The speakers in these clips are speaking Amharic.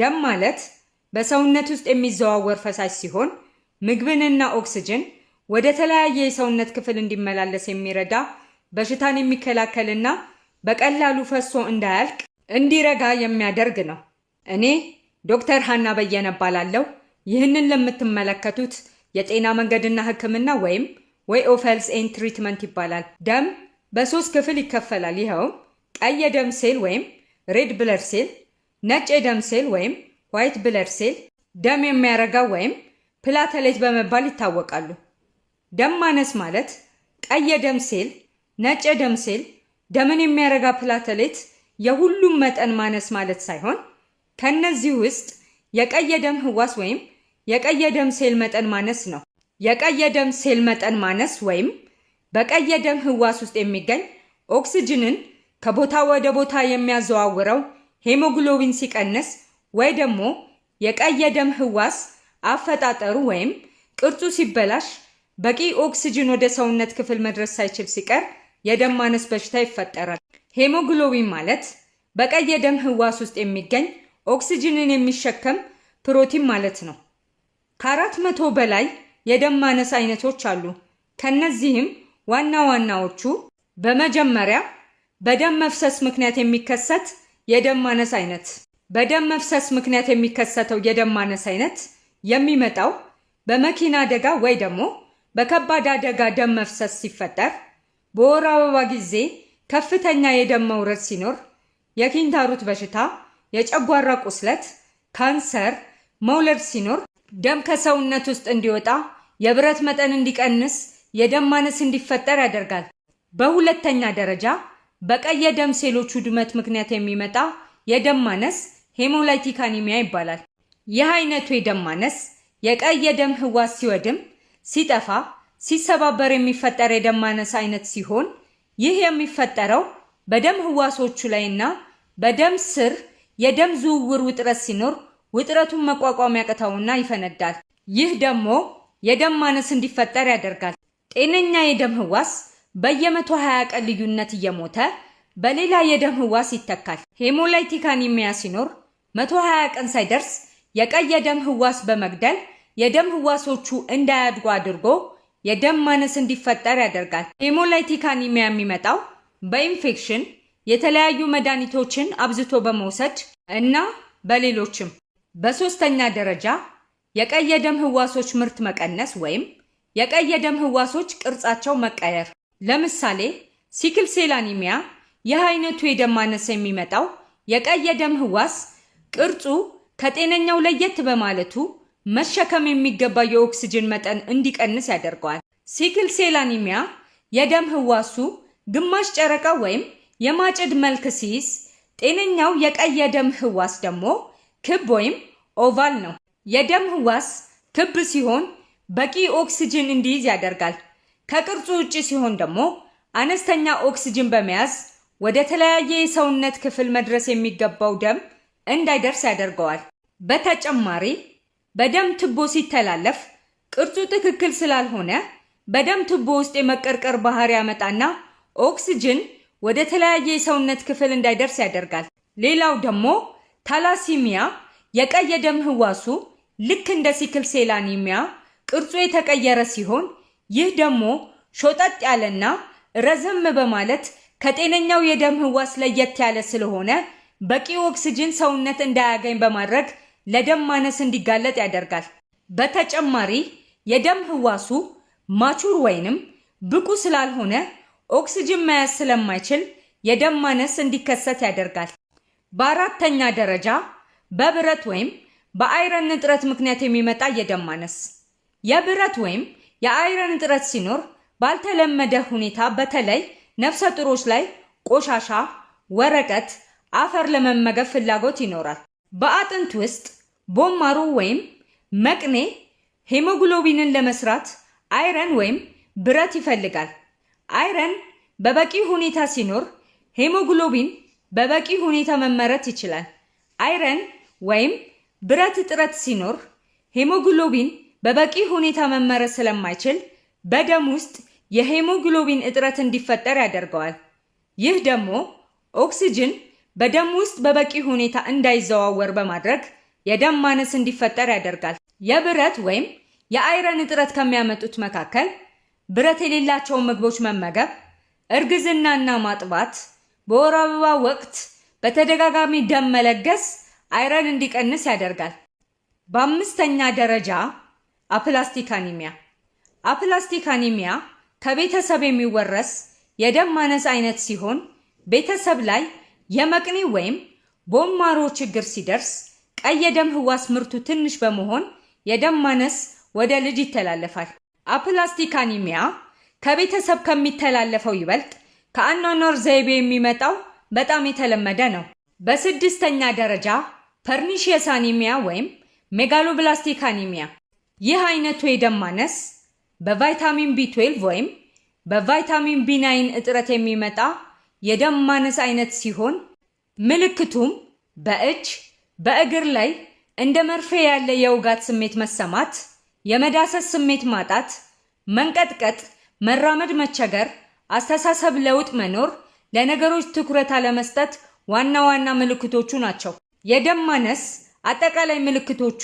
ደም ማለት በሰውነት ውስጥ የሚዘዋወር ፈሳሽ ሲሆን ምግብንና ኦክስጅን ወደ ተለያየ የሰውነት ክፍል እንዲመላለስ የሚረዳ በሽታን የሚከላከልና በቀላሉ ፈሶ እንዳያልቅ እንዲረጋ የሚያደርግ ነው። እኔ ዶክተር ሀና በየነ እባላለሁ። ይህንን ለምትመለከቱት የጤና መንገድና ሕክምና ወይም ወይ ኦፈልስ ኤን ትሪትመንት ይባላል። ደም በሶስት ክፍል ይከፈላል። ይኸውም ቀይ የደም ሴል ወይም ሬድ ብለድ ሴል ነጭ የደም ሴል ወይም ዋይት ብለድ ሴል ደም የሚያረጋው ወይም ፕላተሌት በመባል ይታወቃሉ። ደም ማነስ ማለት ቀይ የደም ሴል፣ ነጭ የደም ሴል፣ ደምን የሚያረጋ ፕላተሌት የሁሉም መጠን ማነስ ማለት ሳይሆን ከነዚህ ውስጥ የቀይ የደም ህዋስ ወይም የቀይ የደም ሴል መጠን ማነስ ነው። የቀይ የደም ሴል መጠን ማነስ ወይም በቀይ የደም ህዋስ ውስጥ የሚገኝ ኦክስጅንን ከቦታ ወደ ቦታ የሚያዘዋውረው ሄሞግሎቢን ሲቀንስ ወይ ደግሞ የቀይ የደም ህዋስ አፈጣጠሩ ወይም ቅርጹ ሲበላሽ በቂ ኦክስጅን ወደ ሰውነት ክፍል መድረስ ሳይችል ሲቀር የደም ማነስ በሽታ ይፈጠራል። ሄሞግሎቢን ማለት በቀይ የደም ህዋስ ውስጥ የሚገኝ ኦክስጅንን የሚሸከም ፕሮቲን ማለት ነው። ከአራት መቶ በላይ የደም ማነስ አይነቶች አሉ። ከነዚህም ዋና ዋናዎቹ በመጀመሪያ በደም መፍሰስ ምክንያት የሚከሰት የደም ማነስ አይነት በደም መፍሰስ ምክንያት የሚከሰተው የደም ማነስ አይነት የሚመጣው በመኪና አደጋ ወይ ደግሞ በከባድ አደጋ ደም መፍሰስ ሲፈጠር፣ በወር አበባ ጊዜ ከፍተኛ የደም መውረድ ሲኖር፣ የኪንታሮት በሽታ፣ የጨጓራ ቁስለት፣ ካንሰር፣ መውለድ ሲኖር፣ ደም ከሰውነት ውስጥ እንዲወጣ፣ የብረት መጠን እንዲቀንስ፣ የደም ማነስ እንዲፈጠር ያደርጋል። በሁለተኛ ደረጃ በቀይ የደም ሴሎች ውድመት ምክንያት የሚመጣ የደም ማነስ ሄሞላይቲክ አኒሚያ ይባላል። ይህ አይነቱ የደም ማነስ የቀይ የደም ህዋስ ሲወድም፣ ሲጠፋ፣ ሲሰባበር የሚፈጠር የደም ማነስ አይነት ሲሆን ይህ የሚፈጠረው በደም ህዋሶቹ ላይ በደም ስር የደም ዝውውር ውጥረት ሲኖር ውጥረቱን መቋቋም ያቅተውና ይፈነዳል። ይህ ደግሞ የደም ማነስ እንዲፈጠር ያደርጋል። ጤነኛ የደም ህዋስ በየመቶ 20 ቀን ልዩነት እየሞተ በሌላ የደም ህዋስ ይተካል። ሄሞላይቲክ አኒሚያ ሲኖር 120 ቀን ሳይደርስ የቀይ የደም ህዋስ በመግደል የደም ህዋሶቹ እንዳያድጉ አድርጎ የደም ማነስ እንዲፈጠር ያደርጋል። ሄሞላይቲክ አኒሚያ የሚመጣው በኢንፌክሽን የተለያዩ መድኃኒቶችን አብዝቶ በመውሰድ እና በሌሎችም። በሶስተኛ ደረጃ የቀይ የደም ህዋሶች ምርት መቀነስ ወይም የቀይ የደም ህዋሶች ቅርጻቸው መቀየር ለምሳሌ ሲክል ሴል አኒሚያ ይህ አይነቱ የደም ማነስ የሚመጣው የቀይ የደም ህዋስ ቅርጹ ከጤነኛው ለየት በማለቱ መሸከም የሚገባ የኦክስጅን መጠን እንዲቀንስ ያደርገዋል። ሲክል ሴል አኒሚያ የደም ህዋሱ ግማሽ ጨረቃ ወይም የማጭድ መልክ ሲይዝ፣ ጤነኛው የቀይ የደም ህዋስ ደግሞ ክብ ወይም ኦቫል ነው። የደም ህዋስ ክብ ሲሆን በቂ ኦክስጅን እንዲይዝ ያደርጋል። ከቅርጹ ውጭ ሲሆን ደግሞ አነስተኛ ኦክስጅን በመያዝ ወደ ተለያየ የሰውነት ክፍል መድረስ የሚገባው ደም እንዳይደርስ ያደርገዋል። በተጨማሪ በደም ትቦ ሲተላለፍ ቅርጹ ትክክል ስላልሆነ በደም ትቦ ውስጥ የመቀርቀር ባህሪ ያመጣና ኦክስጅን ወደ ተለያየ የሰውነት ክፍል እንዳይደርስ ያደርጋል። ሌላው ደግሞ ታላሲሚያ የቀይ የደም ህዋሱ ልክ እንደ ሲክል ሴላኒሚያ ቅርጹ የተቀየረ ሲሆን ይህ ደግሞ ሾጠጥ ያለና ረዘም በማለት ከጤነኛው የደም ህዋስ ለየት ያለ ስለሆነ በቂ ኦክስጅን ሰውነት እንዳያገኝ በማድረግ ለደም ማነስ እንዲጋለጥ ያደርጋል። በተጨማሪ የደም ህዋሱ ማቹር ወይንም ብቁ ስላልሆነ ኦክስጅን መያዝ ስለማይችል የደም ማነስ እንዲከሰት ያደርጋል። በአራተኛ ደረጃ በብረት ወይም በአይረን እጥረት ምክንያት የሚመጣ የደም ማነስ የብረት ወይም የአይረን እጥረት ሲኖር ባልተለመደ ሁኔታ በተለይ ነፍሰ ጥሮች ላይ ቆሻሻ፣ ወረቀት፣ አፈር ለመመገብ ፍላጎት ይኖራል። በአጥንት ውስጥ ቦማሩ ወይም መቅኔ ሄሞግሎቢንን ለመስራት አይረን ወይም ብረት ይፈልጋል። አይረን በበቂ ሁኔታ ሲኖር ሄሞግሎቢን በበቂ ሁኔታ መመረት ይችላል። አይረን ወይም ብረት እጥረት ሲኖር ሄሞግሎቢን በበቂ ሁኔታ መመረዝ ስለማይችል በደም ውስጥ የሄሞግሎቢን እጥረት እንዲፈጠር ያደርገዋል። ይህ ደግሞ ኦክሲጅን በደም ውስጥ በበቂ ሁኔታ እንዳይዘዋወር በማድረግ የደም ማነስ እንዲፈጠር ያደርጋል። የብረት ወይም የአይረን እጥረት ከሚያመጡት መካከል ብረት የሌላቸውን ምግቦች መመገብ፣ እርግዝናና ማጥባት፣ በወር አበባ ወቅት በተደጋጋሚ ደም መለገስ አይረን እንዲቀንስ ያደርጋል። በአምስተኛ ደረጃ አፕላስቲክ አኒሚያ አፕላስቲክ አኒሚያ ከቤተሰብ የሚወረስ የደም ማነስ አይነት ሲሆን ቤተሰብ ላይ የመቅኒ ወይም ቦማሮ ችግር ሲደርስ ቀይ የደም ህዋስ ምርቱ ትንሽ በመሆን የደም ማነስ ወደ ልጅ ይተላለፋል። አፕላስቲክ አኒሚያ ከቤተሰብ ከሚተላለፈው ይበልጥ ከአኗኗር ዘይቤ የሚመጣው በጣም የተለመደ ነው። በስድስተኛ ደረጃ ፐርኒሽየስ አኒሚያ ወይም ሜጋሎብላስቲክ አኒሚያ ይህ አይነቱ የደም ማነስ በቫይታሚን ቢ12 ወይም በቫይታሚን ቢ9 እጥረት የሚመጣ የደም ማነስ አይነት ሲሆን ምልክቱም በእጅ በእግር ላይ እንደ መርፌ ያለ የውጋት ስሜት መሰማት፣ የመዳሰስ ስሜት ማጣት፣ መንቀጥቀጥ፣ መራመድ መቸገር፣ አስተሳሰብ ለውጥ መኖር፣ ለነገሮች ትኩረት አለመስጠት ዋና ዋና ምልክቶቹ ናቸው። የደም ማነስ አጠቃላይ ምልክቶቹ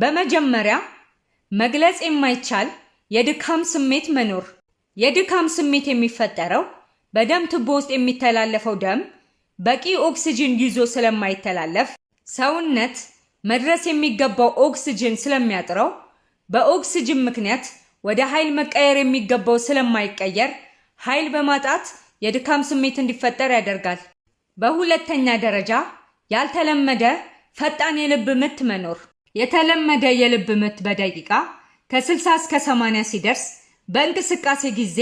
በመጀመሪያ መግለጽ የማይቻል የድካም ስሜት መኖር። የድካም ስሜት የሚፈጠረው በደም ቱቦ ውስጥ የሚተላለፈው ደም በቂ ኦክስጅን ይዞ ስለማይተላለፍ ሰውነት መድረስ የሚገባው ኦክስጅን ስለሚያጥረው በኦክስጅን ምክንያት ወደ ኃይል መቀየር የሚገባው ስለማይቀየር ኃይል በማጣት የድካም ስሜት እንዲፈጠር ያደርጋል። በሁለተኛ ደረጃ ያልተለመደ ፈጣን የልብ ምት መኖር የተለመደ የልብ ምት በደቂቃ ከ60 እስከ 80 ሲደርስ በእንቅስቃሴ ጊዜ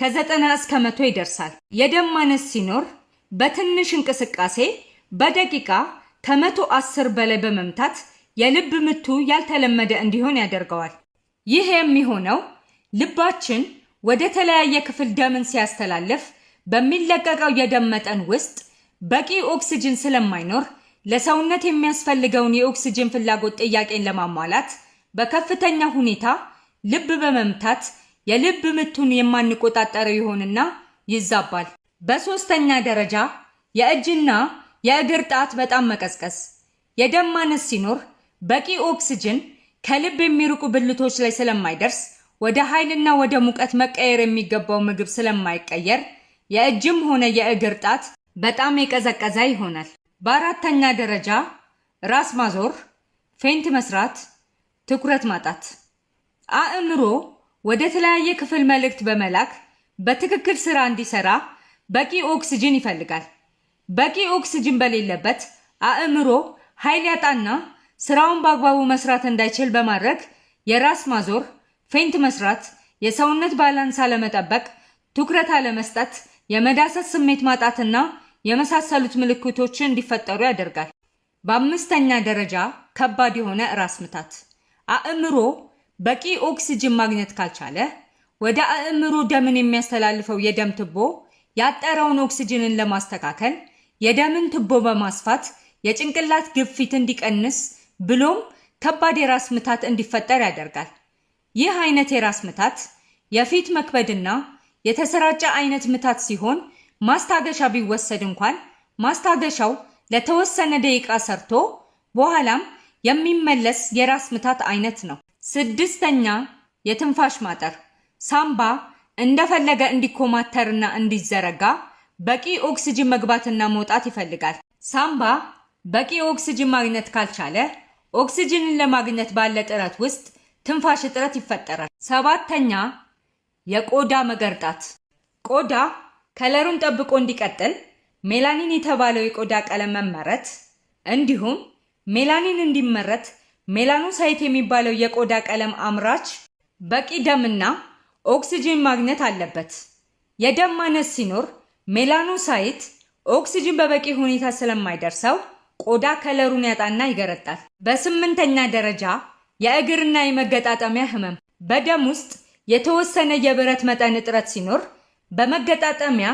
ከ90 እስከ 100 ይደርሳል። የደም ማነስ ሲኖር በትንሽ እንቅስቃሴ በደቂቃ ከ110 በላይ በመምታት የልብ ምቱ ያልተለመደ እንዲሆን ያደርገዋል። ይህ የሚሆነው ልባችን ወደ ተለያየ ክፍል ደምን ሲያስተላልፍ በሚለቀቀው የደም መጠን ውስጥ በቂ ኦክስጅን ስለማይኖር ለሰውነት የሚያስፈልገውን የኦክስጅን ፍላጎት ጥያቄን ለማሟላት በከፍተኛ ሁኔታ ልብ በመምታት የልብ ምቱን የማንቆጣጠረው ይሆንና ይዛባል። በሶስተኛ ደረጃ የእጅና የእግር ጣት በጣም መቀዝቀዝ፣ የደም ማነስ ሲኖር በቂ ኦክስጅን ከልብ የሚርቁ ብልቶች ላይ ስለማይደርስ ወደ ኃይልና ወደ ሙቀት መቀየር የሚገባው ምግብ ስለማይቀየር የእጅም ሆነ የእግር ጣት በጣም የቀዘቀዘ ይሆናል። በአራተኛ ደረጃ ራስ ማዞር፣ ፌንት መስራት፣ ትኩረት ማጣት። አእምሮ ወደ ተለያየ ክፍል መልእክት በመላክ በትክክል ስራ እንዲሰራ በቂ ኦክስጅን ይፈልጋል። በቂ ኦክስጅን በሌለበት አእምሮ ኃይል ያጣና ስራውን በአግባቡ መስራት እንዳይችል በማድረግ የራስ ማዞር፣ ፌንት መስራት፣ የሰውነት ባላንስ አለመጠበቅ፣ ትኩረት አለመስጠት፣ የመዳሰት ስሜት ማጣትና የመሳሰሉት ምልክቶችን እንዲፈጠሩ ያደርጋል። በአምስተኛ ደረጃ ከባድ የሆነ ራስ ምታት። አእምሮ በቂ ኦክስጅን ማግኘት ካልቻለ ወደ አእምሮ ደምን የሚያስተላልፈው የደም ትቦ ያጠረውን ኦክስጅንን ለማስተካከል የደምን ትቦ በማስፋት የጭንቅላት ግፊት እንዲቀንስ ብሎም ከባድ የራስ ምታት እንዲፈጠር ያደርጋል። ይህ አይነት የራስ ምታት የፊት መክበድና የተሰራጨ አይነት ምታት ሲሆን ማስታገሻ ቢወሰድ እንኳን ማስታገሻው ለተወሰነ ደቂቃ ሰርቶ በኋላም የሚመለስ የራስ ምታት አይነት ነው። ስድስተኛ የትንፋሽ ማጠር ሳምባ እንደፈለገ እንዲኮማተርና እንዲዘረጋ በቂ ኦክስጅን መግባትና መውጣት ይፈልጋል። ሳምባ በቂ ኦክስጅን ማግኘት ካልቻለ ኦክስጅንን ለማግኘት ባለ ጥረት ውስጥ ትንፋሽ እጥረት ይፈጠራል። ሰባተኛ የቆዳ መገርጣት ቆዳ ከለሩን ጠብቆ እንዲቀጥል ሜላኒን የተባለው የቆዳ ቀለም መመረት እንዲሁም ሜላኒን እንዲመረት ሜላኖሳይት የሚባለው የቆዳ ቀለም አምራች በቂ ደምና ኦክሲጅን ማግኘት አለበት። የደም ማነስ ሲኖር ሜላኖሳይት ኦክሲጅን በበቂ ሁኔታ ስለማይደርሰው ቆዳ ከለሩን ያጣና ይገረጣል። በስምንተኛ ደረጃ የእግርና የመገጣጠሚያ ህመም። በደም ውስጥ የተወሰነ የብረት መጠን እጥረት ሲኖር በመገጣጠሚያ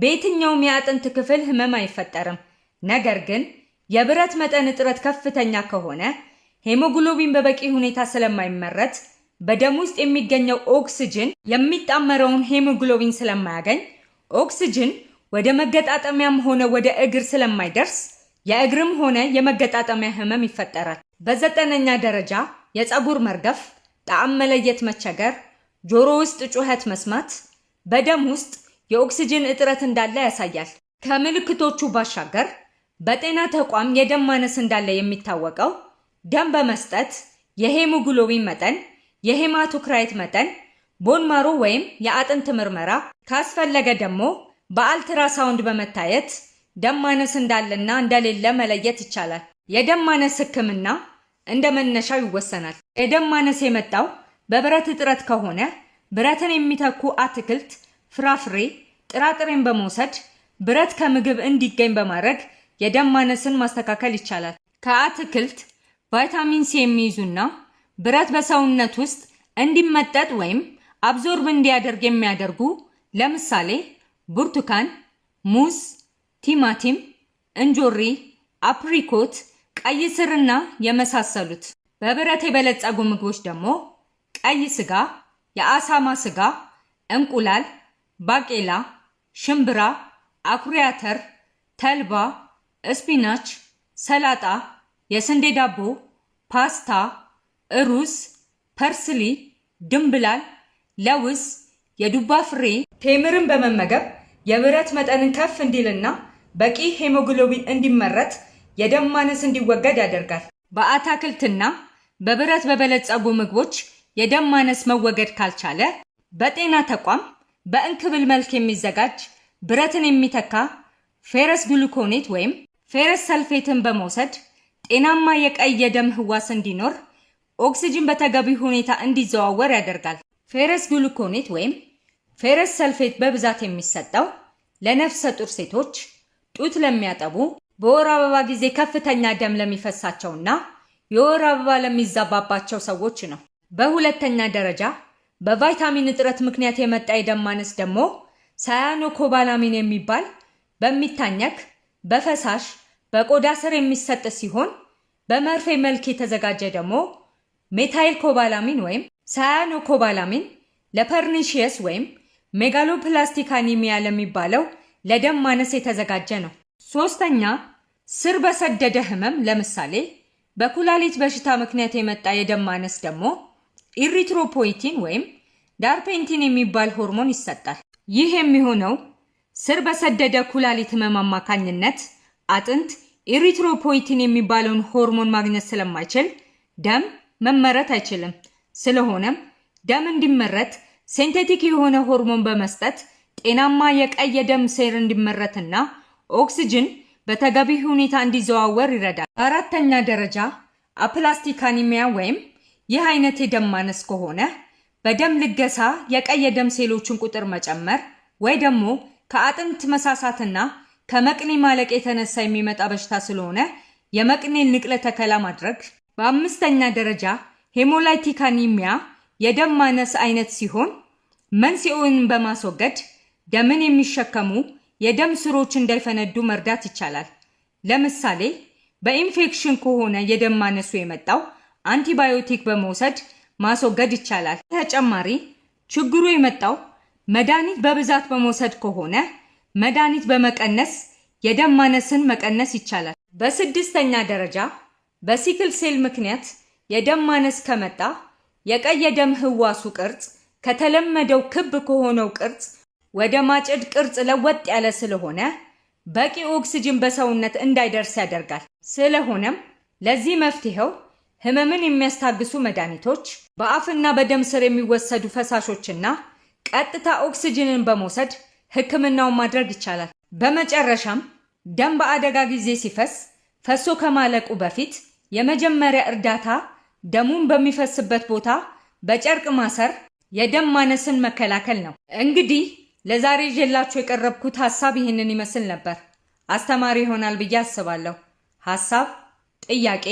በየትኛውም የአጥንት ክፍል ህመም አይፈጠርም። ነገር ግን የብረት መጠን እጥረት ከፍተኛ ከሆነ ሄሞግሎቢን በበቂ ሁኔታ ስለማይመረት በደም ውስጥ የሚገኘው ኦክስጅን የሚጣመረውን ሄሞግሎቢን ስለማያገኝ ኦክስጅን ወደ መገጣጠሚያም ሆነ ወደ እግር ስለማይደርስ የእግርም ሆነ የመገጣጠሚያ ህመም ይፈጠራል። በዘጠነኛ ደረጃ የፀጉር መርገፍ፣ ጣዕም መለየት መቸገር፣ ጆሮ ውስጥ ጩኸት መስማት በደም ውስጥ የኦክሲጅን እጥረት እንዳለ ያሳያል። ከምልክቶቹ ባሻገር በጤና ተቋም የደም ማነስ እንዳለ የሚታወቀው ደም በመስጠት የሄሞግሎቢን መጠን፣ የሄማቶክራይት መጠን፣ ቦንማሮ ወይም የአጥንት ምርመራ ካስፈለገ ደግሞ በአልትራሳውንድ በመታየት ደም ማነስ እንዳለና እንደሌለ መለየት ይቻላል። የደም ማነስ ሕክምና እንደ መነሻው ይወሰናል። የደም ማነስ የመጣው በብረት እጥረት ከሆነ ብረትን የሚተኩ አትክልት፣ ፍራፍሬ፣ ጥራጥሬን በመውሰድ ብረት ከምግብ እንዲገኝ በማድረግ የደም ማነስን ማስተካከል ይቻላል። ከአትክልት ቫይታሚን ሲ የሚይዙና ብረት በሰውነት ውስጥ እንዲመጠጥ ወይም አብዞርብ እንዲያደርግ የሚያደርጉ ለምሳሌ ብርቱካን፣ ሙዝ፣ ቲማቲም፣ እንጆሪ፣ አፕሪኮት፣ ቀይ ስርና የመሳሰሉት። በብረት የበለጸጉ ምግቦች ደግሞ ቀይ ስጋ፣ የአሳማ ስጋ፣ እንቁላል፣ ባቄላ፣ ሽምብራ፣ አኩሪ አተር፣ ተልባ፣ ስፒናች፣ ሰላጣ፣ የስንዴ ዳቦ፣ ፓስታ፣ ሩዝ፣ ፐርስሊ፣ ድንብላል፣ ለውዝ፣ የዱባ ፍሬ ቴምርን በመመገብ የብረት መጠንን ከፍ እንዲልና በቂ ሄሞግሎቢን እንዲመረት የደም ማነስ እንዲወገድ ያደርጋል። በአታክልትና በብረት በበለጸጉ ምግቦች የደም ማነስ መወገድ ካልቻለ በጤና ተቋም በእንክብል መልክ የሚዘጋጅ ብረትን የሚተካ ፌረስ ግሉኮኔት ወይም ፌረስ ሰልፌትን በመውሰድ ጤናማ የቀይ የደም ህዋስ እንዲኖር ኦክሲጅን በተገቢ ሁኔታ እንዲዘዋወር ያደርጋል። ፌረስ ግሉኮኔት ወይም ፌረስ ሰልፌት በብዛት የሚሰጠው ለነፍሰ ጡር ሴቶች፣ ጡት ለሚያጠቡ፣ በወር አበባ ጊዜ ከፍተኛ ደም ለሚፈሳቸውና የወር አበባ ለሚዛባባቸው ሰዎች ነው። በሁለተኛ ደረጃ በቫይታሚን እጥረት ምክንያት የመጣ የደም ማነስ ደግሞ ሳያኖ ኮባላሚን የሚባል በሚታኘክ በፈሳሽ በቆዳ ስር የሚሰጥ ሲሆን በመርፌ መልክ የተዘጋጀ ደግሞ ሜታይል ኮባላሚን ወይም ሳያኖ ኮባላሚን ለፐርኒሽየስ ወይም ሜጋሎፕላስቲክ አኒሚያ ለሚባለው ለደም ማነስ የተዘጋጀ ነው። ሶስተኛ ስር በሰደደ ህመም ለምሳሌ በኩላሊት በሽታ ምክንያት የመጣ የደም ማነስ ደግሞ ኢሪትሮፖይቲን ወይም ዳርፔንቲን የሚባል ሆርሞን ይሰጣል። ይህ የሚሆነው ስር በሰደደ ኩላሊት ህመም አማካኝነት አጥንት ኢሪትሮፖይቲን የሚባለውን ሆርሞን ማግኘት ስለማይችል ደም መመረት አይችልም። ስለሆነም ደም እንዲመረት ሴንቴቲክ የሆነ ሆርሞን በመስጠት ጤናማ የቀይ የደም ሴር እንዲመረትና ኦክስጅን በተገቢ ሁኔታ እንዲዘዋወር ይረዳል። በአራተኛ ደረጃ አፕላስቲክ አኒሚያ ወይም ይህ አይነት የደም ማነስ ከሆነ በደም ልገሳ የቀይ የደም ሴሎችን ቁጥር መጨመር ወይ ደግሞ ከአጥንት መሳሳትና ከመቅኔ ማለቅ የተነሳ የሚመጣ በሽታ ስለሆነ የመቅኔ ንቅለ ተከላ ማድረግ። በአምስተኛ ደረጃ ሄሞላይቲክ አኒሚያ የደም ማነስ አይነት ሲሆን መንስኤውን በማስወገድ ደምን የሚሸከሙ የደም ስሮች እንዳይፈነዱ መርዳት ይቻላል። ለምሳሌ በኢንፌክሽን ከሆነ የደም ማነሱ የመጣው አንቲባዮቲክ በመውሰድ ማስወገድ ይቻላል። ተጨማሪ ችግሩ የመጣው መድኃኒት በብዛት በመውሰድ ከሆነ መድኃኒት በመቀነስ የደም ማነስን መቀነስ ይቻላል። በስድስተኛ ደረጃ በሲክል ሴል ምክንያት የደም ማነስ ከመጣ የቀይ የደም ህዋሱ ቅርጽ ከተለመደው ክብ ከሆነው ቅርጽ ወደ ማጭድ ቅርጽ ለወጥ ያለ ስለሆነ በቂ ኦክስጅን በሰውነት እንዳይደርስ ያደርጋል። ስለሆነም ለዚህ መፍትሄው ህመምን የሚያስታግሱ መድኃኒቶች፣ በአፍና በደም ስር የሚወሰዱ ፈሳሾችና ቀጥታ ኦክስጅንን በመውሰድ ህክምናውን ማድረግ ይቻላል። በመጨረሻም ደም በአደጋ ጊዜ ሲፈስ ፈሶ ከማለቁ በፊት የመጀመሪያ እርዳታ ደሙን በሚፈስበት ቦታ በጨርቅ ማሰር የደም ማነስን መከላከል ነው። እንግዲህ ለዛሬ ይዤላችሁ የቀረብኩት ሀሳብ ይህንን ይመስል ነበር። አስተማሪ ይሆናል ብዬ አስባለሁ። ሀሳብ፣ ጥያቄ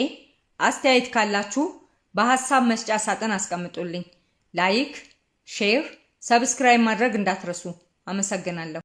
አስተያየት ካላችሁ በሀሳብ መስጫ ሳጥን አስቀምጡልኝ። ላይክ፣ ሼር፣ ሰብስክራይብ ማድረግ እንዳትረሱ። አመሰግናለሁ።